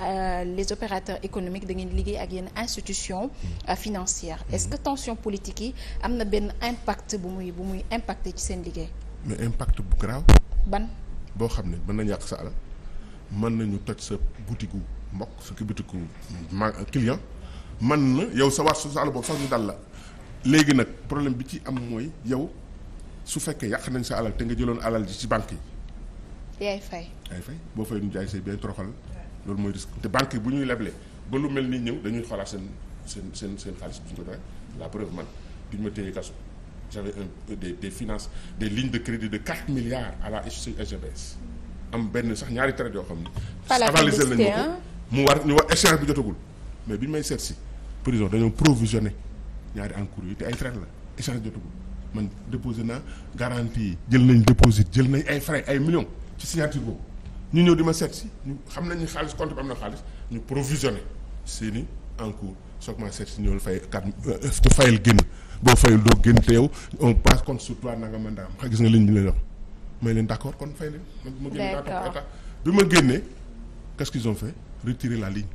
Euh, les opérateurs économiques da ngeen liggéey ak yenn institution euh, financière est-ce que tension politique yi am na benn impact bu muy bu muy impacté ci seen liggéey mais impact bu grave ban boo xam ne mën nañ yàq sa alal mën nañu toj sa butigu mbokk su sa butigu ma client mën na yow sa waat sa alal boobu sax ñu dal la léegi nag problème bi ci am mooy yow su fekkee yàq nañ sa alal te nga jëloon alal ji ci banque yi yaay fay yaay fay boo fay ñu jaay say loolu mooy risque te banque bu ñuy leble ba lu mel ni ñëw dañuy xoolaat seen seen seen seen xaalis bi ko joxe la preuve man duñu ma téye kaso j'avais un euh, des des finances des lignes de crédit de 4 milliards à la SGBS am benn sax ñaari traite yoo xam ne avalisé nañu ko mu war ñu war échéance bi jotagul mais bi ñu may seet si prison dañoo provisionné ñaari encours yi te ay traite la échéance jotagul man déposé naa garantie yi jël nañ déposé jël nañ ay frais ay millions ci signature ñu ñëw di ma seet si ñu xam nañ ni xaalis compte bi am na xaalis ñu provisionné seen i encours soog maa seet si ñëw fay kat euh, te génn boo fayul doo génn te yow on passe compte sur toi nanga mën daa am gis nga liñ ñu leen wax may leen d' kon fay leen. ma génn daa topp bi ma génnee qu'est-ce qu'ils ont fait retirer la ligne.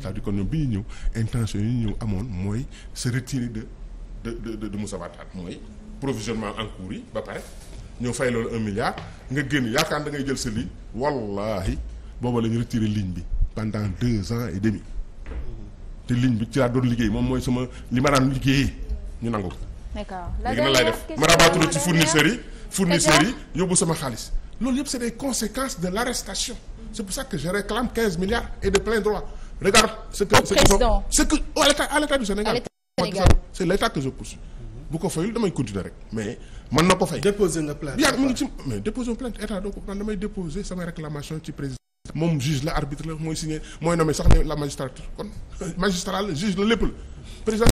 cest bi ñu ñëw intention yi ñu ñëw amoon mooy se retirer de de de de Moussa Wattane mooy provisionnement encours yi ba ñoo fay loolu un milliard nga génn yaakaar da ngay jël sa ligne wallaahi booba la ñu retiré ligne bi pendant deux ans et demi te ligne bi ci laa doon liggéey moom mooy sama li ma daan liggéeyee ñu nangu ko. d'accord léegi nan lay def ma rabattre ci fournisseurs yi fournisseurs yi yóbbu sama xaalis loolu yëpp c'est des conséquences de l'arrestation c'est pour ça que je réclame quinze milliards et de plein droit regarde ce que ce que ce que à l'état bu ko fayul damay continuer rek mais mën na ko fay. déposer nga mu ngi ci mais déposer plainte doo ko prendre damay déposer sama réclamation ci président. moom juge la arbitre la mooy signé mooy nommé sax la magistrature kon magistral juge la lépp la président.